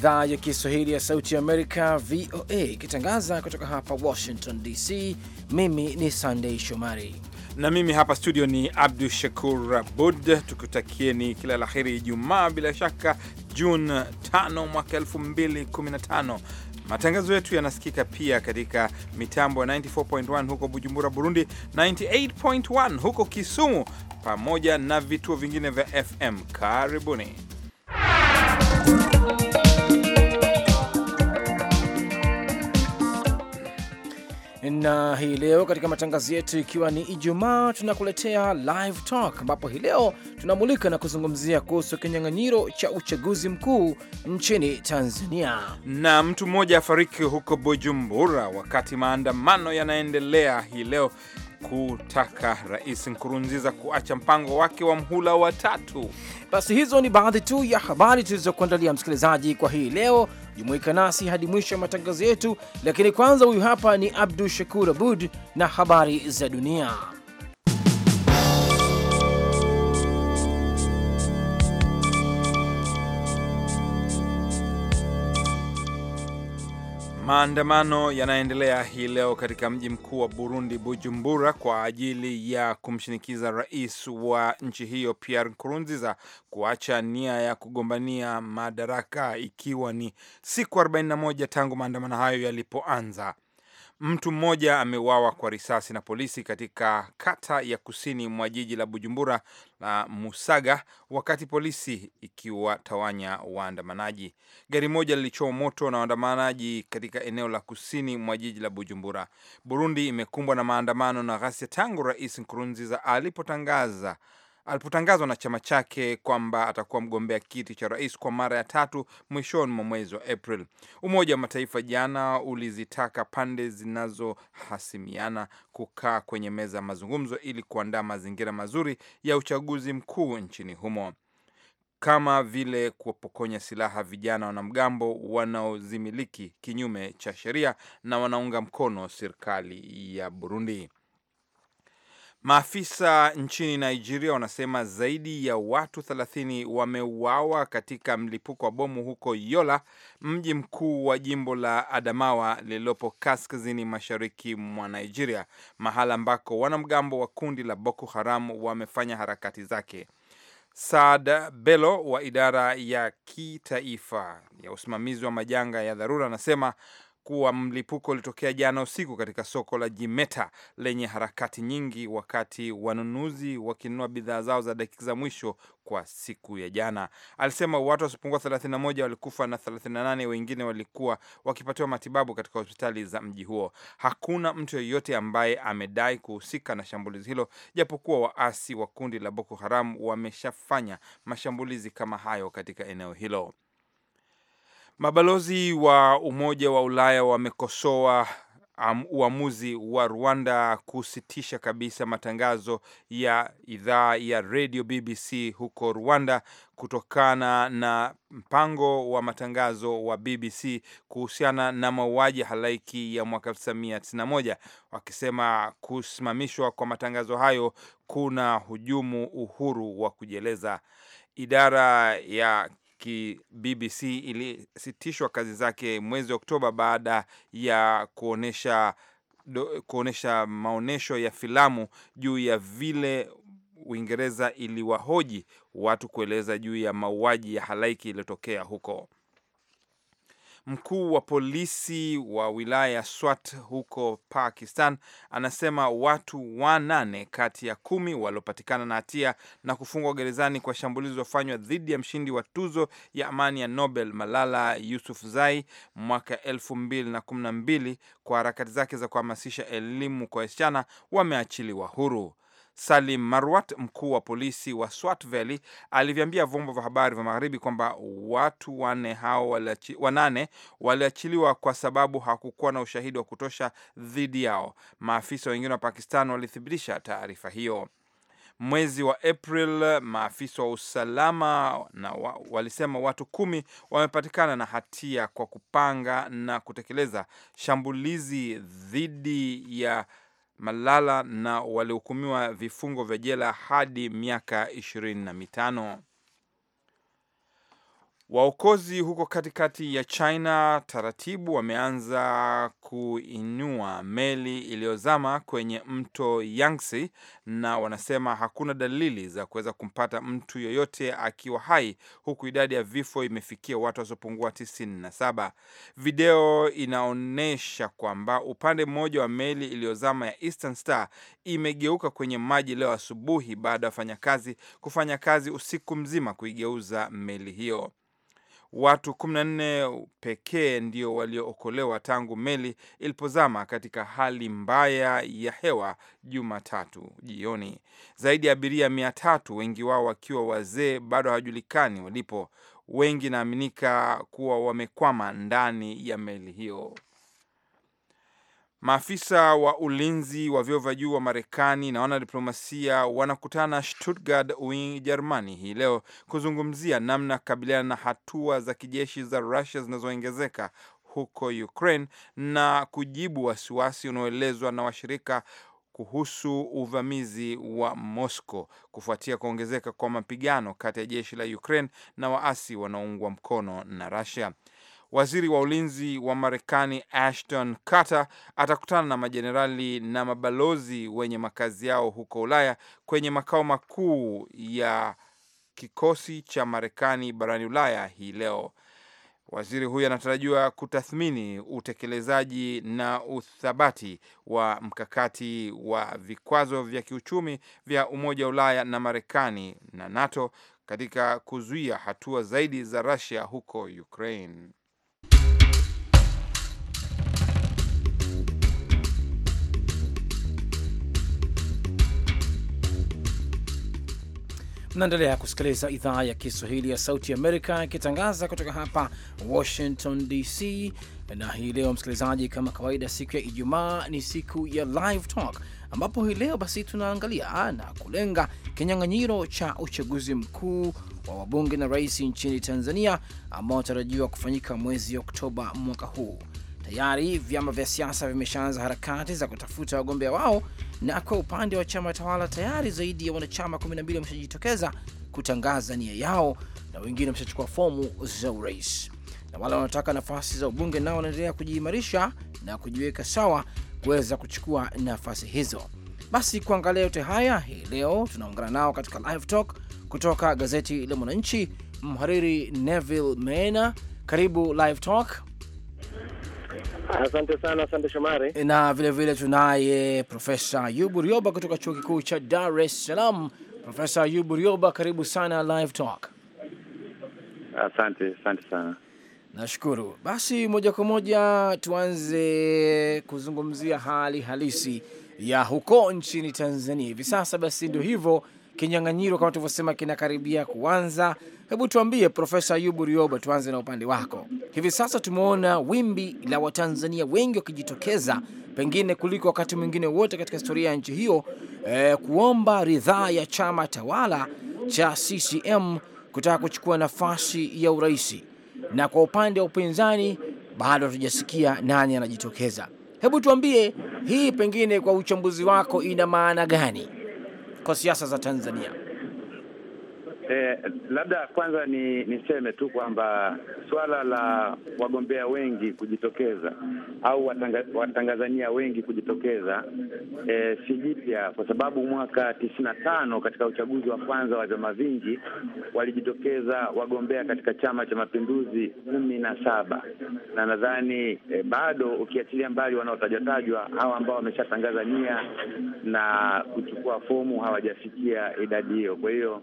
idhaa ya Kiswahili ya Sauti ya Amerika, VOA, ikitangaza kutoka hapa Washington DC. Mimi ni Sandei Shomari na mimi hapa studio ni Abdu Shakur Abud, tukutakieni kila la heri Ijumaa, bila shaka Juni 5 mwaka 2015. Matangazo yetu yanasikika pia katika mitambo ya 94.1 huko Bujumbura, Burundi, 98.1 huko Kisumu, pamoja na vituo vingine vya FM. Karibuni. na hii leo katika matangazo yetu, ikiwa ni Ijumaa, tunakuletea live talk, ambapo hii leo tunamulika na kuzungumzia kuhusu kinyang'anyiro cha uchaguzi mkuu nchini Tanzania. Na mtu mmoja afariki huko Bujumbura wakati maandamano yanaendelea hii leo kutaka Rais Nkurunziza kuacha mpango wake wa mhula wa tatu. Basi hizo ni baadhi tu ya habari tulizokuandalia msikilizaji kwa hii leo, Jumuika nasi hadi mwisho ya matangazo yetu, lakini kwanza, huyu hapa ni Abdu Shakur Abud na habari za dunia. Maandamano yanaendelea hii leo katika mji mkuu wa Burundi, Bujumbura, kwa ajili ya kumshinikiza rais wa nchi hiyo Pierre Nkurunziza kuacha nia ya kugombania madaraka, ikiwa ni siku 41 tangu maandamano hayo yalipoanza. Mtu mmoja ameuawa kwa risasi na polisi katika kata ya kusini mwa jiji la Bujumbura la Musaga, wakati polisi ikiwatawanya waandamanaji. Gari moja lilichoma moto na waandamanaji katika eneo la kusini mwa jiji la Bujumbura. Burundi imekumbwa na maandamano na ghasia tangu Rais Nkurunziza alipotangaza alipotangazwa na chama chake kwamba atakuwa mgombea kiti cha rais kwa mara ya tatu mwishoni mwa mwezi wa April. Umoja wa Mataifa jana ulizitaka pande zinazohasimiana kukaa kwenye meza ya mazungumzo ili kuandaa mazingira mazuri ya uchaguzi mkuu nchini humo kama vile kuwapokonya silaha vijana wanamgambo wanaozimiliki kinyume cha sheria na wanaunga mkono serikali ya Burundi. Maafisa nchini Nigeria wanasema zaidi ya watu 30 wameuawa katika mlipuko wa bomu huko Yola, mji mkuu wa jimbo la Adamawa lililopo kaskazini mashariki mwa Nigeria, mahala ambako wanamgambo wa kundi la Boko Haram wamefanya harakati zake. Saad Bello wa idara ya kitaifa ya usimamizi wa majanga ya dharura anasema kuwa mlipuko ulitokea jana usiku katika soko la Jimeta lenye harakati nyingi, wakati wanunuzi wakinunua bidhaa zao za dakika za mwisho kwa siku ya jana. Alisema watu wasiopungua 31 walikufa na 38 wengine walikuwa wakipatiwa matibabu katika hospitali za mji huo. Hakuna mtu yeyote ambaye amedai kuhusika na shambulizi hilo, japokuwa waasi wa kundi la Boko Haram wameshafanya mashambulizi kama hayo katika eneo hilo. Mabalozi wa Umoja wa Ulaya wamekosoa um, uamuzi wa Rwanda kusitisha kabisa matangazo ya idhaa ya redio BBC huko Rwanda kutokana na mpango wa matangazo wa BBC kuhusiana na mauaji halaiki ya mwaka 1991 wakisema kusimamishwa kwa matangazo hayo kuna hujumu uhuru wa kujieleza. Idara ya ki BBC ilisitishwa kazi zake mwezi Oktoba baada ya kuonesha do, kuonesha maonyesho ya filamu juu ya vile Uingereza iliwahoji watu kueleza juu ya mauaji ya halaiki iliyotokea huko. Mkuu wa polisi wa wilaya ya Swat huko Pakistan anasema watu wanane kati ya kumi waliopatikana na hatia na kufungwa gerezani kwa shambulizi lilofanywa dhidi ya mshindi wa tuzo ya amani ya Nobel Malala Yousafzai mwaka elfu mbili na kumi na mbili kwa harakati zake za kuhamasisha elimu kwa wasichana wameachiliwa huru. Salim Marwat, mkuu wa polisi wa Swat Valley, aliviambia vyombo vya habari vya magharibi kwamba watu wane hao wanane waliachiliwa kwa sababu hakukuwa na ushahidi wa kutosha dhidi yao. Maafisa wengine wa Pakistan walithibitisha taarifa hiyo. Mwezi wa April maafisa wa usalama na wa, walisema watu kumi wamepatikana na hatia kwa kupanga na kutekeleza shambulizi dhidi ya Malala na walihukumiwa vifungo vya jela hadi miaka ishirini na mitano. Waokozi huko katikati ya China taratibu wameanza kuinua meli iliyozama kwenye mto Yangtze na wanasema hakuna dalili za kuweza kumpata mtu yoyote akiwa hai, huku idadi ya vifo imefikia watu wasiopungua 97. Video inaonyesha kwamba upande mmoja wa meli iliyozama ya Eastern Star imegeuka kwenye maji leo asubuhi baada ya wafanyakazi kufanya kazi usiku mzima kuigeuza meli hiyo. Watu 14 pekee ndio waliookolewa tangu meli ilipozama katika hali mbaya ya hewa Jumatatu jioni. Zaidi ya abiria mia tatu, wengi wao wakiwa wazee, bado hawajulikani walipo. Wengi naaminika kuwa wamekwama ndani ya meli hiyo. Maafisa wa ulinzi wa vyeo vya juu wa Marekani na wanadiplomasia wanakutana Stuttgart, Ujerumani hii leo kuzungumzia namna kabiliana kukabiliana na hatua za kijeshi za Rusia zinazoongezeka huko Ukraine na kujibu wasiwasi unaoelezwa na washirika kuhusu uvamizi wa Moscow kufuatia kuongezeka kwa mapigano kati ya jeshi la Ukraine na waasi wanaoungwa mkono na Russia. Waziri wa ulinzi wa Marekani Ashton Carter atakutana na majenerali na mabalozi wenye makazi yao huko Ulaya kwenye makao makuu ya kikosi cha Marekani barani Ulaya hii leo. Waziri huyo anatarajiwa kutathmini utekelezaji na uthabati wa mkakati wa vikwazo vya kiuchumi vya Umoja wa Ulaya na Marekani na NATO katika kuzuia hatua zaidi za Russia huko Ukraine. Mnaendelea kusikiliza idhaa ya Kiswahili ya Sauti Amerika ikitangaza kutoka hapa Washington DC. Na hii leo, msikilizaji, kama kawaida, siku ya Ijumaa ni siku ya Live Talk ambapo hii leo basi tunaangalia ah, na kulenga kinyang'anyiro cha uchaguzi mkuu wa wabunge na rais nchini Tanzania ambao wanatarajiwa kufanyika mwezi Oktoba mwaka huu. Tayari vyama vya siasa vimeshaanza harakati za kutafuta wagombea wao, na kwa upande wa chama tawala tayari zaidi ya wanachama 12 wameshajitokeza kutangaza nia yao na wengine wameshachukua fomu za urais, na wale wanaotaka nafasi za ubunge nao wanaendelea kujiimarisha na kujiweka sawa kuweza kuchukua nafasi hizo. Basi kuangalia yote haya hii leo tunaungana nao katika live talk kutoka gazeti la Mwananchi, mhariri Neville Mena, karibu live talk. Asante sana. Asante Shomari, na vilevile tunaye Profesa yubu Rioba kutoka chuo kikuu cha Dar es Salaam. Profesa Rioba, karibu sana live talk. Asante, asante sana. Nashukuru. Basi moja kwa moja tuanze kuzungumzia hali halisi ya huko nchini Tanzania hivi sasa. Basi ndio hivyo, kinyang'anyiro kama tulivyosema kinakaribia kuanza. Hebu tuambie Profesa Ayubu Rioba, tuanze na upande wako. Hivi sasa tumeona wimbi la Watanzania wengi wakijitokeza, pengine kuliko wakati mwingine wote katika historia ya nchi hiyo, eh, kuomba ridhaa ya chama tawala cha CCM kutaka kuchukua nafasi ya uraisi na kwa upande wa upinzani bado hatujasikia nani anajitokeza. Hebu tuambie hii, pengine kwa uchambuzi wako, ina maana gani kwa siasa za Tanzania? Eh, labda kwanza ni niseme tu kwamba swala la wagombea wengi kujitokeza au watanga, watangazania wengi kujitokeza eh, si jipya kwa sababu mwaka tisini na tano katika uchaguzi wa kwanza wa vyama vingi walijitokeza wagombea katika Chama cha Mapinduzi kumi na saba na nadhani eh, bado ukiachilia mbali wanaotajwatajwa hawa ambao wameshatangaza nia na kuchukua fomu hawajafikia idadi hiyo, kwa hiyo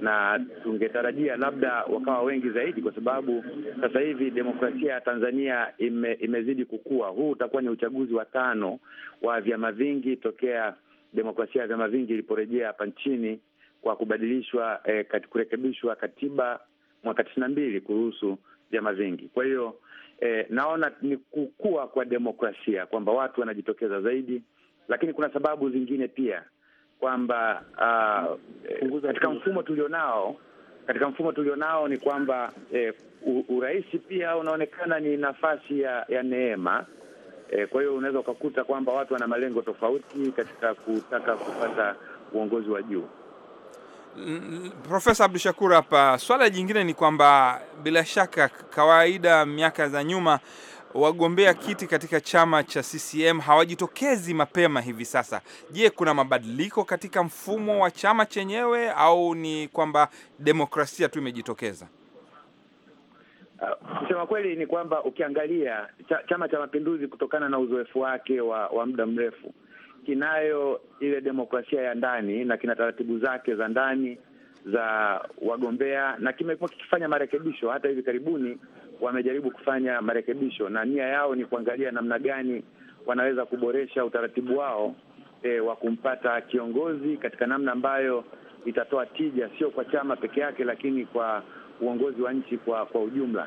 na tungetarajia labda wakawa wengi zaidi, kwa sababu sasa hivi demokrasia ya Tanzania ime, imezidi kukua. Huu utakuwa ni uchaguzi wa tano wa vyama vingi tokea demokrasia ya vyama vingi iliporejea hapa nchini kwa kubadilishwa eh, kurekebishwa katiba mwaka tisini na mbili kuruhusu vyama vingi. Kwa hiyo eh, naona ni kukua kwa demokrasia kwamba watu wanajitokeza zaidi, lakini kuna sababu zingine pia kwamba uh, katika mfumo tulionao katika mfumo tulionao ni kwamba eh, urais pia unaonekana ni nafasi ya, ya neema eh, kwa hiyo unaweza ukakuta kwamba watu wana malengo tofauti katika kutaka kupata uongozi wa juu. Mm, Profesa Abdu Shakur hapa. Swala jingine ni kwamba bila shaka, kawaida miaka za nyuma wagombea kiti katika chama cha CCM hawajitokezi mapema hivi sasa. Je, kuna mabadiliko katika mfumo wa chama chenyewe au ni kwamba demokrasia tu imejitokeza? Uh, kusema kweli ni kwamba ukiangalia cha, Chama cha Mapinduzi kutokana na uzoefu wake wa, wa muda mrefu kinayo ile demokrasia ya ndani na kina taratibu zake za ndani za wagombea na kimekuwa kikifanya marekebisho. Hata hivi karibuni wamejaribu kufanya marekebisho na nia yao ni kuangalia namna gani wanaweza kuboresha utaratibu wao e, wa kumpata kiongozi katika namna ambayo itatoa tija, sio kwa chama peke yake, lakini kwa uongozi wa nchi kwa kwa ujumla.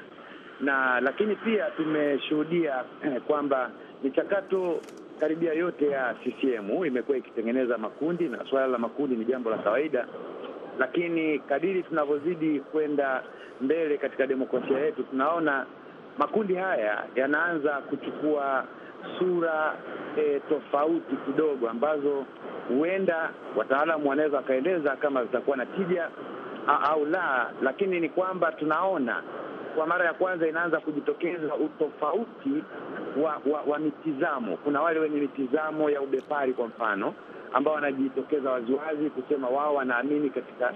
Na lakini pia tumeshuhudia e, kwamba michakato karibia yote ya CCM imekuwa ikitengeneza makundi, na suala la makundi ni jambo la kawaida, lakini kadiri tunavyozidi kwenda mbele katika demokrasia yetu, tunaona makundi haya yanaanza kuchukua sura e, tofauti kidogo ambazo huenda wataalamu wanaweza wakaeleza kama zitakuwa na tija au la, lakini ni kwamba tunaona kwa mara ya kwanza inaanza kujitokeza utofauti wa, wa, wa mitizamo. Kuna wale wenye mitizamo ya ubepari kwa mfano ambao wanajitokeza waziwazi kusema wao wanaamini katika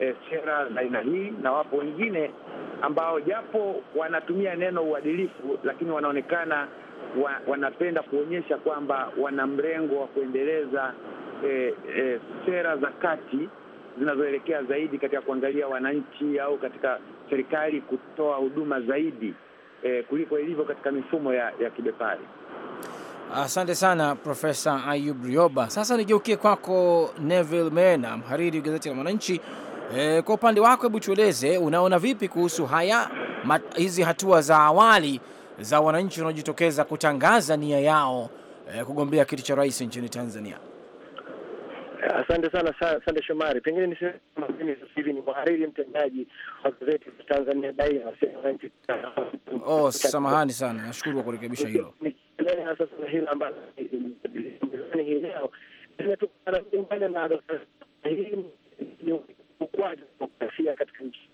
e, sera za aina hii, na wapo wengine ambao japo wanatumia neno uadilifu, lakini wanaonekana wa, wanapenda kuonyesha kwamba wana mrengo wa kuendeleza e, e, sera za kati zinazoelekea zaidi katika kuangalia wananchi au katika serikali kutoa huduma zaidi e, kuliko ilivyo katika mifumo ya, ya kibepari. Asante sana Profesa Ayub Rioba. Sasa nigeukie kwako Neville Mena, mhariri wa gazeti la Mwananchi. E, kwa upande wako hebu tueleze unaona vipi kuhusu haya mat, hizi hatua za awali za wananchi wanaojitokeza kutangaza nia yao e, kugombea kiti cha rais nchini Tanzania? Asante sana Sande Shomari. Pengine niseme mimi sasa hivi ni mhariri mtendaji wa gazeti la Tanzania Daima. Oh, samahani sana, nashukuru kwa kurekebisha hilo. Nikielewa Sasa hilo ambalo yaani hii leo ukuaji wa demokrasia katika nchi.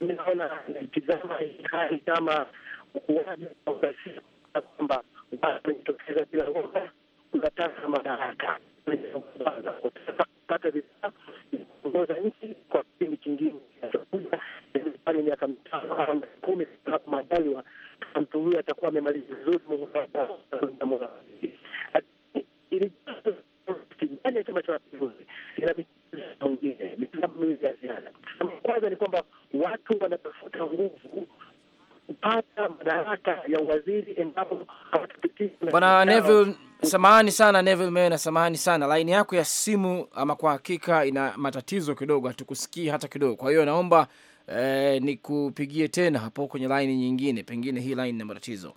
Mi naona naitizama hii hali kama ukuaji wa demokrasia kwamba watu wamejitokeza bila woga, unataka madaraka, kutaka kupata vifaa kuongoza nchi kwa kipindi kingine kinachokuja, ani miaka mitano au miaka kumi, hapo Majaliwa mtu huyu atakuwa amemaliza vizuri muhula. Chama cha Mapinduzi inabidi mwingine, mitazamo miwili ya ziada. Mtazamo kwanza ni kwamba watu wanatafuta nguvu kupata madaraka ya uwaziri endapo hawatapitia. Bwana Neville, samahani sana Neville Mewe, na samahani sana laini yako ya simu, ama kwa hakika ina matatizo kidogo, hatukusikii hata kidogo. Kwa hiyo naomba eh, nikupigie tena hapo kwenye laini nyingine, pengine hii laini ina matatizo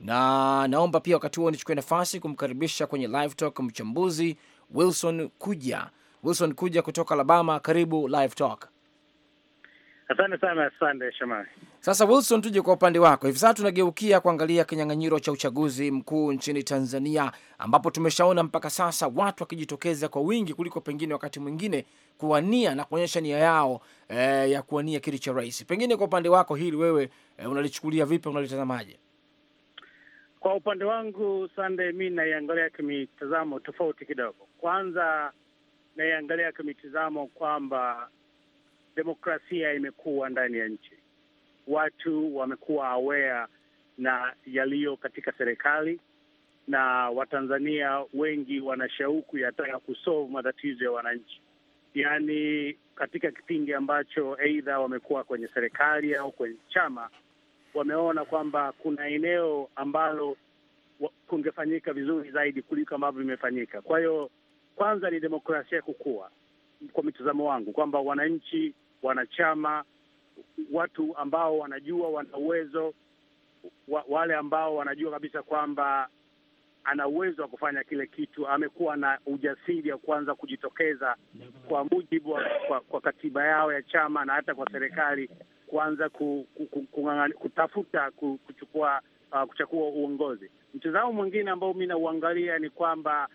na naomba pia wakati huo nichukue nafasi kumkaribisha kwenye live talk mchambuzi Wilson Kuja Wilson Kuja kutoka Alabama, karibu Live Talk. Asante sana, asante Shamani. Sasa Wilson, tuje kwa upande wako. Hivi sasa tunageukia kuangalia kinyang'anyiro cha uchaguzi mkuu nchini Tanzania, ambapo tumeshaona mpaka sasa watu wakijitokeza kwa wingi kuliko pengine wakati mwingine kuwania na kuonyesha nia yao eh, ya kuwania kiti cha rais. Pengine kwa upande wako hili wewe eh, unalichukulia vipi? Unalitazamaje? Kwa upande wangu, Sande, mi naiangalia kimitazamo tofauti kidogo. Kwanza naiangalia kimitizamo kwamba demokrasia imekuwa ndani ya nchi, watu wamekuwa aware na yaliyo katika serikali na Watanzania wengi wana shauku yataka kusolve matatizo ya wananchi, yaani katika kipindi ambacho aidha wamekuwa kwenye serikali au kwenye chama, wameona kwamba kuna eneo ambalo kungefanyika vizuri zaidi kuliko ambavyo vimefanyika. Kwa hiyo kwanza ni demokrasia kukua, kwa mitazamo wangu, kwamba wananchi, wanachama, watu ambao wanajua wana uwezo wa, wale ambao wanajua kabisa kwamba ana uwezo wa kufanya kile kitu, amekuwa na ujasiri wa kuanza kujitokeza kwa mujibu wa, kwa, kwa katiba yao ya chama na hata kwa serikali kuanza ku, ku, ku, ku, kutafuta ku, kuchukua uh, kuchukua uongozi. Mtazamo mwingine ambao mi nauangalia ni kwamba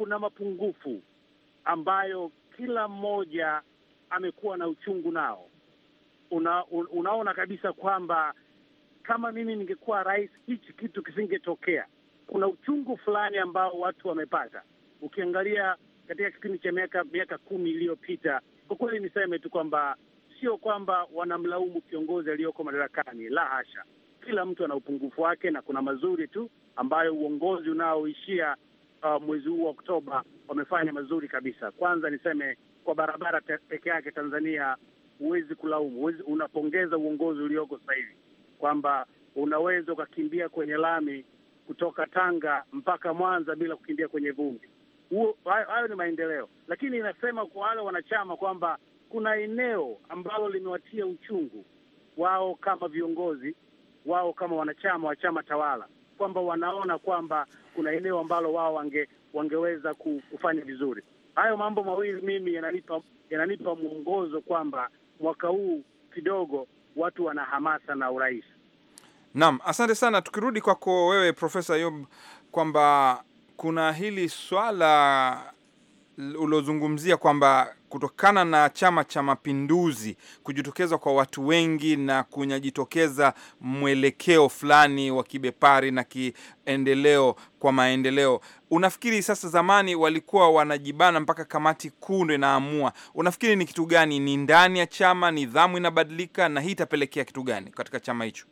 kuna mapungufu ambayo kila mmoja amekuwa na uchungu nao. Una, un, unaona kabisa kwamba kama mimi ningekuwa rais hichi kitu kisingetokea. Kuna uchungu fulani ambao watu wamepata. Ukiangalia katika kipindi cha miaka miaka kumi iliyopita, kwa kweli niseme tu kwamba sio kwamba wanamlaumu kiongozi aliyoko madarakani, la hasha. Kila mtu ana upungufu wake na kuna mazuri tu ambayo uongozi unaoishia uh, mwezi huu wa Oktoba wamefanya mazuri kabisa. Kwanza niseme kwa barabara peke yake Tanzania huwezi kulaumu, unapongeza uongozi ulioko sasa hivi kwamba unaweza ukakimbia kwenye lami kutoka Tanga mpaka Mwanza bila kukimbia kwenye vumbi. hayo ni maendeleo, lakini inasema kwa wale wanachama kwamba kuna eneo ambalo limewatia uchungu wao kama viongozi wao kama wanachama wa chama tawala kwamba wanaona kwamba kuna eneo ambalo wao wange, wangeweza kufanya vizuri. Hayo mambo mawili mimi yananipa yananipa mwongozo kwamba mwaka huu kidogo watu wana hamasa na urais. Naam, asante sana. Tukirudi kwako wewe Profesa Yob, kwamba kuna hili swala ulozungumzia kwamba kutokana na Chama cha Mapinduzi kujitokeza kwa watu wengi na kunyajitokeza mwelekeo fulani wa kibepari na kiendeleo kwa maendeleo, unafikiri sasa, zamani walikuwa wanajibana mpaka kamati kuu ndo inaamua, unafikiri ni kitu gani? Ni ndani ya chama nidhamu inabadilika, na hii itapelekea kitu gani katika chama hicho?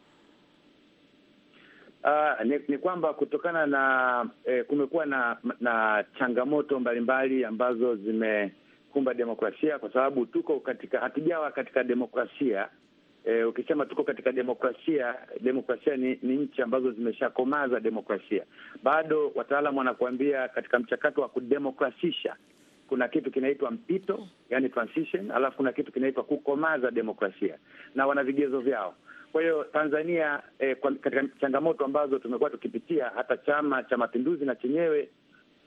Uh, ni, ni kwamba kutokana na eh, kumekuwa na na changamoto mbalimbali ambazo zimekumba demokrasia, kwa sababu tuko katika hatujawa katika demokrasia eh, ukisema tuko katika demokrasia, demokrasia ni, ni nchi ambazo zimeshakomaza demokrasia. Bado wataalamu wanakuambia katika mchakato wa kudemokrasisha kuna kitu kinaitwa mpito, yani transition, alafu kuna kitu kinaitwa kukomaza demokrasia, na wana vigezo vyao. Kwa hiyo Tanzania eh, katika changamoto ambazo tumekuwa tukipitia, hata Chama cha Mapinduzi na chenyewe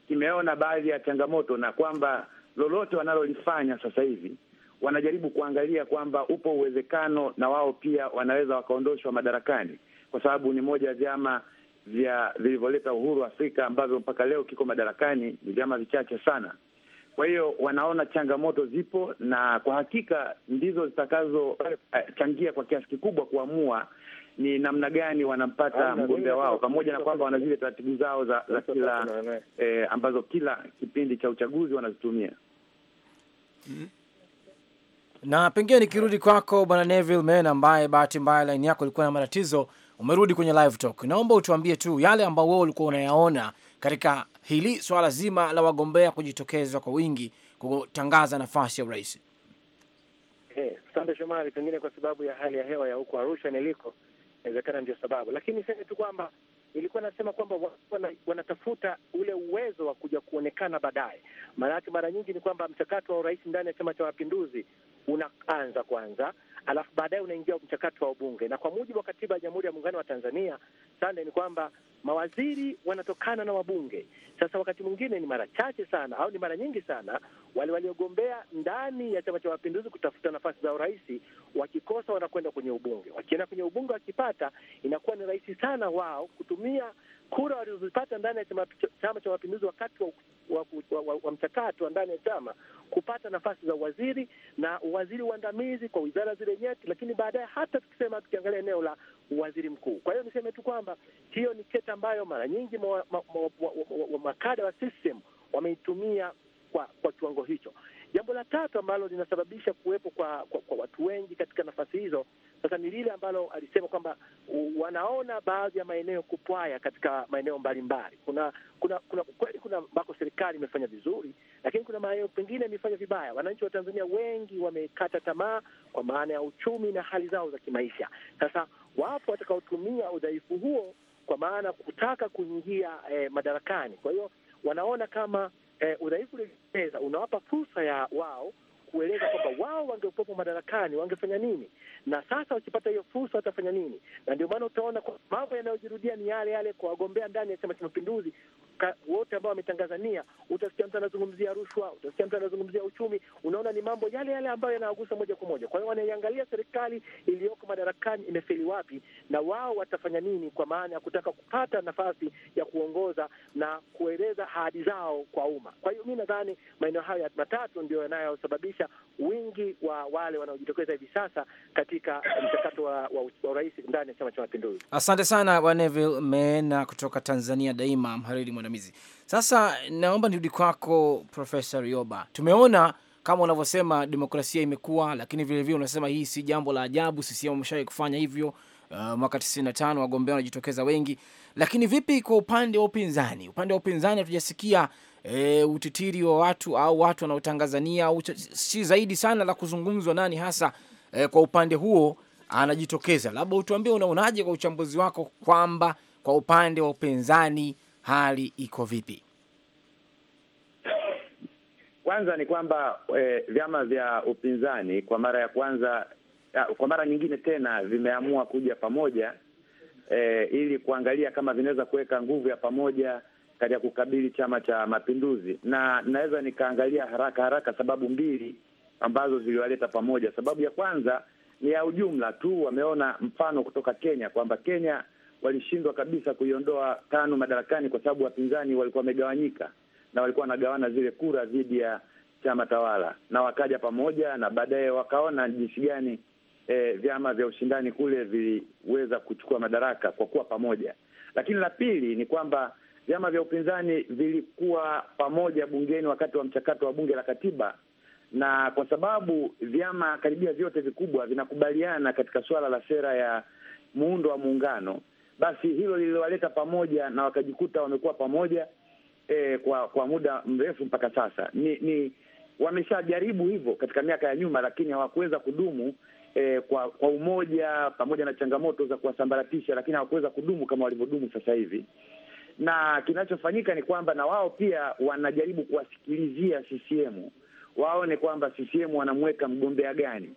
kimeona baadhi ya changamoto, na kwamba lolote wanalolifanya sasa hivi wanajaribu kuangalia kwamba upo uwezekano na wao pia wanaweza wakaondoshwa madarakani, kwa sababu ni moja ya vyama vya vilivyoleta uhuru Afrika ambavyo mpaka leo kiko madarakani, ni vyama vichache sana. Kwa hiyo wanaona changamoto zipo na kwa hakika ndizo zitakazochangia eh, kwa kiasi kikubwa kuamua ni namna gani wanampata mgombea wao, pamoja na kwamba wana zile taratibu zao za, za kila eh, ambazo kila kipindi cha uchaguzi wanazitumia. Na pengine nikirudi kwako Bwana Neville Mena, ambaye bahati mbaya laini yako ilikuwa na matatizo, umerudi kwenye live talk. Naomba utuambie tu yale ambayo wewe ulikuwa unayaona katika hili swala zima la wagombea kujitokeza kwa wingi kutangaza nafasi ya urais? Eh, sande Shomari, pengine kwa sababu ya hali ya hewa ya huko Arusha niliko inawezekana ndio sababu, lakini niseme tu kwamba ilikuwa nasema kwamba wanatafuta wana ule uwezo wa kuja kuonekana baadaye. Maanake mara nyingi ni kwamba mchakato wa urais ndani ya Chama cha Mapinduzi unaanza kwanza, alafu baadaye unaingia mchakato wa ubunge, na kwa mujibu wa katiba ya Jamhuri ya Muungano wa Tanzania, sande, ni kwamba mawaziri wanatokana na wabunge. Sasa wakati mwingine ni mara chache sana au ni mara nyingi sana wale waliogombea ndani ya Chama cha Mapinduzi kutafuta nafasi za urais, wakikosa wanakwenda kwenye ubunge. Wakienda kwenye ubunge wakipata, inakuwa ni rahisi sana wao kutumia kura walizozipata ndani ya Chama cha Mapinduzi wakati wa wa, wa, wa, wa mchakato wa ndani ya chama kupata nafasi za uwaziri na uwaziri uandamizi kwa wizara zile nyeti, lakini baadaye hata tukisema tukiangalia eneo la uwaziri mkuu. Kwa hiyo niseme tu kwamba hiyo ni keta ambayo mara nyingi makada wa system wameitumia kwa kwa kiwango hicho. Jambo la tatu ambalo linasababisha kuwepo kwa, kwa, kwa watu wengi katika nafasi hizo sasa ni lile ambalo alisema kwamba wanaona baadhi ya maeneo kupwaya katika maeneo mbalimbali. Kuna kuna kuna kweli, kuna ambako serikali imefanya vizuri, lakini kuna maeneo pengine imefanya vibaya. Wananchi wa Tanzania wengi wamekata tamaa kwa maana ya uchumi na hali zao za kimaisha. Sasa wapo watakaotumia udhaifu huo kwa maana kutaka kuingia eh, madarakani. Kwa hiyo wanaona kama eh, udhaifu uliojitokeza unawapa fursa ya wao kueleza kwamba wao wangekuwepo madarakani wangefanya nini, na sasa wakipata hiyo fursa watafanya nini. Na ndio maana utaona mambo yanayojirudia ni yale yale kwa wagombea ndani ya Chama cha Mapinduzi wote ambao wametangaza nia, utasikia mtu anazungumzia rushwa, utasikia mtu anazungumzia uchumi. Unaona ni mambo yale yale ambayo yanawagusa moja kwa moja. Kwa hiyo wanaiangalia serikali iliyoko madarakani imefeli wapi, na wao watafanya nini, kwa maana ya kutaka kupata nafasi ya kuongoza na kueleza ahadi zao kwa umma. Kwa hiyo mi nadhani maeneo hayo matatu ndio yanayosababisha wingi wa wale wanaojitokeza hivi sasa katika mchakato wa, wa, wa urais ndani ya Chama cha Mapinduzi. Asante sana Wanevil Mena kutoka Tanzania Daima, mhariri mwandamizi. Sasa naomba nirudi kwako Profesa Rioba, tumeona kama unavyosema demokrasia imekuwa, lakini vilevile unasema hii si jambo la ajabu, sisi wameshawahi kufanya hivyo. Uh, mwaka 95 wagombea wanajitokeza wengi, lakini vipi kwa upande wa upinzani? Upande wa upinzani hatujasikia e, utitiri wa watu au watu wanaotangazania au si zaidi sana la kuzungumzwa nani hasa e, kwa upande huo anajitokeza. Labda utuambie unaonaje kwa uchambuzi wako kwamba kwa upande wa upinzani hali iko vipi? Kwanza ni kwamba e, vyama vya upinzani kwa mara ya kwanza ya, ah, kwa mara nyingine tena vimeamua kuja pamoja e, ili kuangalia kama vinaweza kuweka nguvu ya pamoja katika kukabili Chama cha Mapinduzi, na naweza nikaangalia haraka haraka sababu mbili ambazo ziliwaleta pamoja. Sababu ya kwanza ni ya ujumla tu, wameona mfano kutoka Kenya kwamba Kenya walishindwa kabisa kuiondoa tano madarakani kwa sababu wapinzani walikuwa wamegawanyika na walikuwa wanagawana zile kura dhidi ya chama tawala, na wakaja pamoja na baadaye wakaona jinsi gani e, vyama vya ushindani kule viliweza kuchukua madaraka kwa kuwa pamoja. Lakini la pili ni kwamba vyama vya upinzani vilikuwa pamoja bungeni wakati wa mchakato wa bunge la katiba, na kwa sababu vyama karibia vyote vikubwa vinakubaliana katika suala la sera ya muundo wa muungano basi hilo lililowaleta pamoja na wakajikuta wamekuwa pamoja e, kwa kwa muda mrefu mpaka sasa. Ni, ni wameshajaribu hivyo katika miaka ya nyuma, lakini hawakuweza kudumu e, kwa kwa umoja, pamoja na changamoto za kuwasambaratisha, lakini hawakuweza kudumu kama walivyodumu sasa hivi. Na kinachofanyika ni kwamba na wao pia wanajaribu kuwasikilizia CCM waone kwamba CCM wanamweka mgombea gani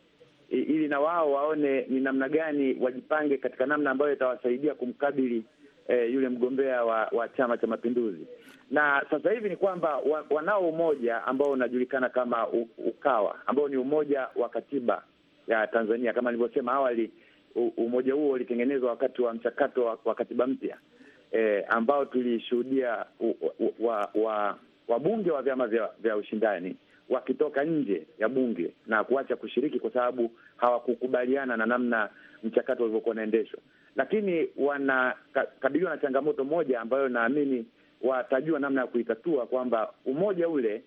ili na wao waone ni namna gani wajipange katika namna ambayo itawasaidia kumkabili eh, yule mgombea wa, wa Chama cha Mapinduzi. Na sasa hivi ni kwamba wa, wanao umoja ambao unajulikana kama u, Ukawa ambao ni umoja wa katiba ya Tanzania. Kama nilivyosema awali, umoja huo ulitengenezwa wakati wa mchakato wa, wa katiba mpya eh, ambao tulishuhudia wabunge wa, wa, wa, wa vyama vya, vya ushindani wakitoka nje ya bunge na kuacha kushiriki kwa sababu hawakukubaliana na namna mchakato ulivyokuwa unaendeshwa. Lakini wanakabiliwa na changamoto moja ambayo naamini watajua namna ya kuitatua, kwamba umoja ule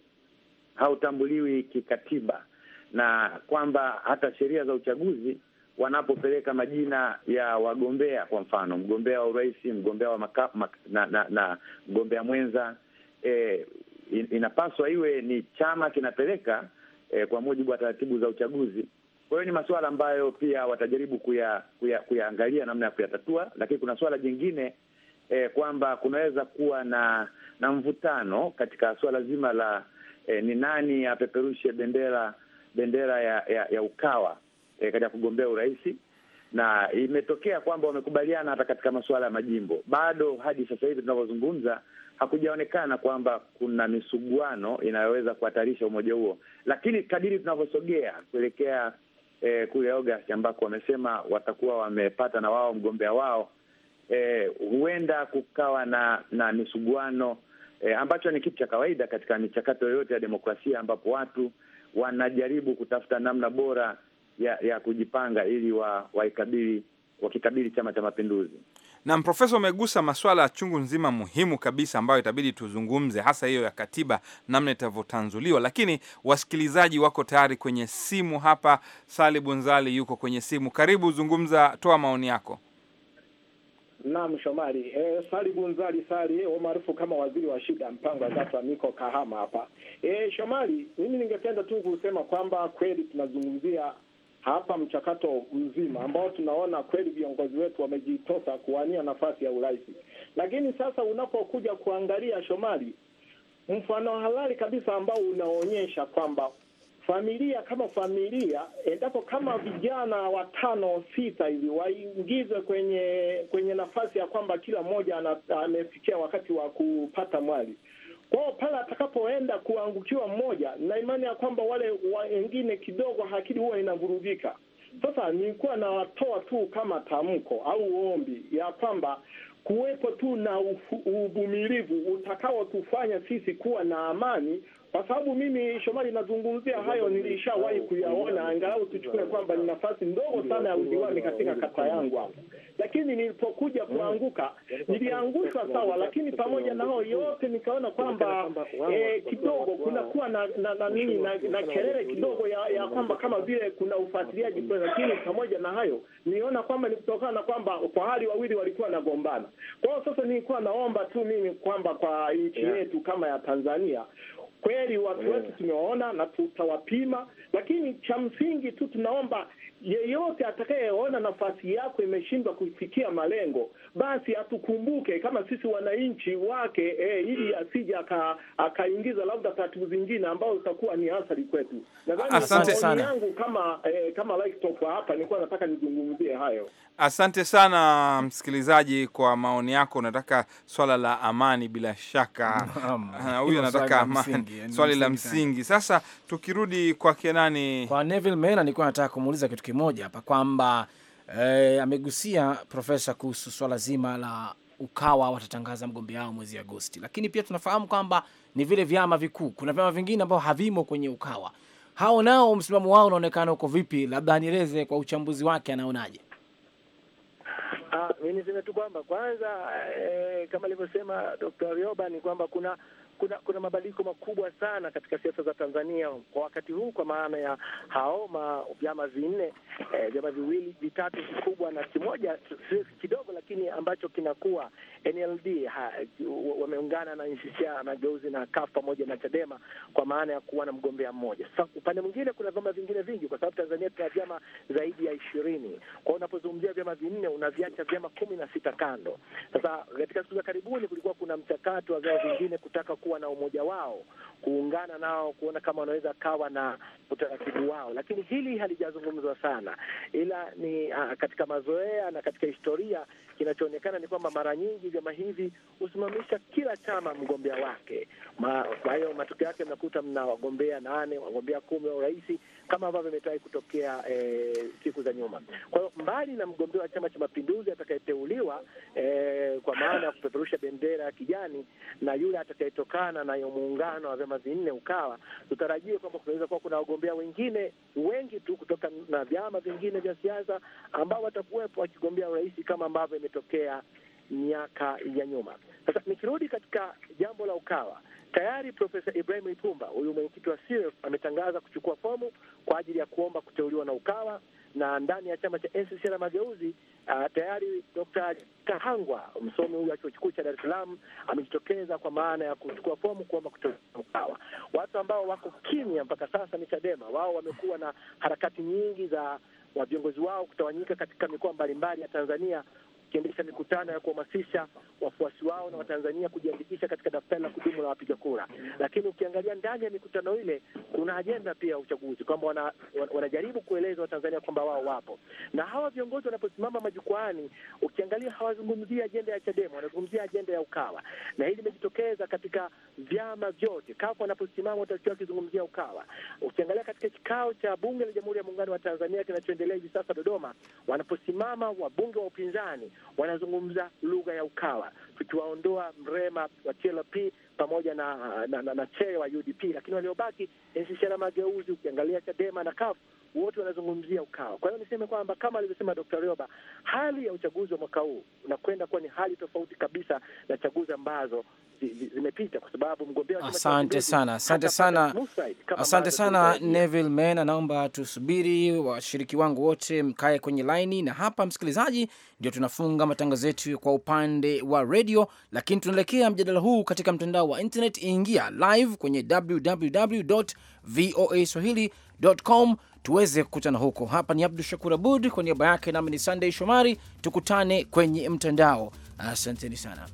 hautambuliwi kikatiba na kwamba hata sheria za uchaguzi wanapopeleka majina ya wagombea, kwa mfano mgombea wa urais, mgombea wa maka, mak, na, na, na mgombea mwenza e, inapaswa iwe ni chama kinapeleka eh, kwa mujibu wa taratibu za uchaguzi. Kwa hiyo ni masuala ambayo pia watajaribu kuya, kuya, kuyaangalia namna ya kuyatatua, lakini kuna suala jingine eh, kwamba kunaweza kuwa na na mvutano katika suala zima la eh, ni nani apeperushe bendera bendera ya, ya, ya Ukawa eh, katika kugombea urais na imetokea kwamba wamekubaliana hata katika masuala ya majimbo. Bado hadi sasa hivi tunavyozungumza, hakujaonekana kwamba kuna misuguano inayoweza kuhatarisha umoja huo, lakini kadiri tunavyosogea kuelekea e, kule August ambako wamesema watakuwa wamepata na wao mgombea wao e, huenda kukawa na na misuguano e, ambacho ni kitu cha kawaida katika michakato yoyote ya demokrasia ambapo watu wanajaribu kutafuta namna bora ya, ya kujipanga ili wa, waikabili wakikabili Chama cha Mapinduzi. Na Profesa, umegusa masuala ya chungu nzima muhimu kabisa ambayo itabidi tuzungumze, hasa hiyo ya katiba, namna itavyotanzuliwa. Lakini wasikilizaji wako tayari kwenye simu hapa. Sali Bunzali yuko kwenye simu, karibu, zungumza, toa maoni yako. Naam, Shomari. E, Sali Bunzali Sali eh, maarufu kama waziri wa shida, mpango wa sasa, niko Kahama hapa. E, Shomari, mimi ningependa tu kusema kwamba kweli tunazungumzia hapa mchakato mzima ambao tunaona kweli viongozi wetu wamejitosa kuwania nafasi ya urais. Lakini sasa unapokuja kuangalia Shomali, mfano halali kabisa ambao unaonyesha kwamba familia kama familia, endapo kama vijana watano sita hivi waingizwe kwenye kwenye nafasi ya kwamba kila mmoja amefikia wakati wa kupata mwali kwa pale atakapoenda kuangukiwa mmoja, na imani ya kwamba wale wengine kidogo akili huwa inavurugika. Sasa nilikuwa nawatoa tu kama tamko au ombi ya kwamba kuwepo tu na uvumilivu utakaotufanya sisi kuwa na amani kwa sababu mimi Shomari, nazungumzia hayo, nilishawahi kuyaona, angalau tuchukue kwamba ni nafasi ndogo sana ya udiwani katika kata yangu hapo. lakini nilipokuja kuanguka niliangushwa sawa, lakini pamoja na hao yote nikaona kwamba eh, kidogo kunakuwa na na, na, na, na, na kelele kidogo ya, ya kwamba kama vile kuna ufuatiliaji, lakini pamoja na hayo niliona kwamba ni kutokana na kwamba kwa hali wawili walikuwa nagombana. Kwa hiyo sasa nilikuwa naomba tu mimi kwamba kwa nchi yetu kama ya Tanzania Kweli watu eh. wetu tumewaona na tutawapima, lakini cha msingi tu tunaomba yeyote atakayeona nafasi yako imeshindwa kufikia malengo, basi atukumbuke kama sisi wananchi wake e, ili mm. asije akaingiza labda taratibu zingine ambazo zitakuwa ni athari kwetu. Nadhani yangu kama e, kama livestock hapa nilikuwa nataka nizungumzie hayo. Asante sana msikilizaji kwa maoni yako. Unataka swala la amani, bila shaka ah, huyu anataka amani, swali la msingi. Sasa tukirudi kwa Kenani, kwa Neville Mena, nilikuwa nataka kumuuliza kitu kimoja hapa kwamba eh, amegusia profesa kuhusu swala zima la Ukawa watatangaza mgombea wao mwezi Agosti, lakini pia tunafahamu kwamba ni vile vyama vikuu, kuna vyama vingine ambao havimo kwenye Ukawa. Hao nao msimamo wao unaonekana uko vipi? Labda anieleze kwa uchambuzi wake, anaonaje? Ah, Mi niseme tu kwamba kwanza, eh, kama alivyosema Dr. Rioba ni kwamba kuna kuna kuna mabadiliko makubwa sana katika siasa za Tanzania kwa wakati huu, kwa maana ya hao ma vyama vinne eh, vyama viwili vitatu vikubwa na kimoja kidogo, lakini ambacho kinakuwa NLD ha, wameungana na NCCR Mageuzi na CUF pamoja na Chadema kwa maana ya kuwa na mgombea mmoja. Sasa upande mwingine kuna vyama vingine vingi, kwa sababu Tanzania tuna vyama zaidi ya ishirini. Kwa unapozungumzia vyama vinne unaviacha vyama kumi na sita kando. Sasa katika siku za karibuni kulikuwa kuna mchakato wa vyama vingine kutaka ku kuwa na umoja wao, kuungana nao, kuona kama wanaweza kawa na utaratibu wao, lakini hili halijazungumzwa sana, ila ni a, katika mazoea na katika historia kinachoonekana ni kwamba mara nyingi vyama hivi husimamisha kila chama mgombea wake. Ma, Kwa hiyo matokeo yake mnakuta mna wagombea nane, wagombea kumi wa urais kama ambavyo imetawahi kutokea e, siku za nyuma. Kwa hiyo mbali na mgombea wa Chama cha Mapinduzi atakayeteuliwa e, kwa maana ya kupeperusha bendera ya kijani na yule atakayetoka kutokana na hiyo muungano wa vyama vinne UKAWA, tutarajie kwamba kunaweza kuwa kuna wagombea wengine wengi tu kutoka na vyama vingine vya siasa ambao watakuwepo wakigombea urais kama ambavyo imetokea miaka ya nyuma. Sasa nikirudi katika jambo la UKAWA, tayari Profesa Ibrahim Lipumba, huyu mwenyekiti wa CUF, ametangaza kuchukua fomu kwa ajili ya kuomba kuteuliwa na UKAWA na ndani ya chama cha NCCR Mageuzi uh, tayari Dr. Kahangwa msomi huyu wa chuo kikuu cha Dar es Salaam amejitokeza kwa maana ya kuchukua fomu kuomba kutoa Mkawa. Watu ambao wako kimya mpaka sasa ni Chadema. Wao wamekuwa na harakati nyingi za wa viongozi wao kutawanyika katika mikoa mbalimbali ya Tanzania ikiendesha mikutano ya kuhamasisha wafuasi wao na Watanzania kujiandikisha katika daftari la kudumu la wapiga kura. Lakini ukiangalia ndani ya mikutano ile kuna ajenda pia ya uchaguzi, kwamba wana, wanajaribu kueleza Watanzania kwamba wao wapo, na hawa viongozi wanaposimama majukwaani, ukiangalia hawazungumzii ajenda ya Chadema, wanazungumzia ajenda ya Ukawa, na hili limejitokeza katika vyama vyote. Kafu wanaposimama watakiwa wakizungumzia Ukawa. Ukiangalia katika kikao cha Bunge la Jamhuri ya Muungano wa Tanzania kinachoendelea hivi sasa Dodoma, wanaposimama wabunge wa upinzani wanazungumza lugha ya Ukawa. Tukiwaondoa Mrema wa TLP pamoja na na, na, na cheo wa UDP, lakini waliobaki NCCR na Mageuzi, ukiangalia Chadema na CUF wote wanazungumzia Ukawa. Kwa hiyo niseme kwamba kama alivyosema Dr. Rioba, hali ya uchaguzi wa mwaka huu unakwenda kuwa ni hali tofauti kabisa na chaguzi ambazo zimepita kwa sababu mgombea. Asante sana, asante sana, asante sana Neville Mena. Naomba tusubiri washiriki wangu wote mkae kwenye laini, na hapa msikilizaji, ndio tunafunga matangazo yetu kwa upande wa redio, lakini tunaelekea mjadala huu katika mtandao wa internet, ingia live kwenye www voa swahili.com tuweze kukutana huko. Hapa ni Abdu Shakur Abud kwa niaba yake, nami ni sandey Shomari. Tukutane kwenye mtandao. Asanteni sana.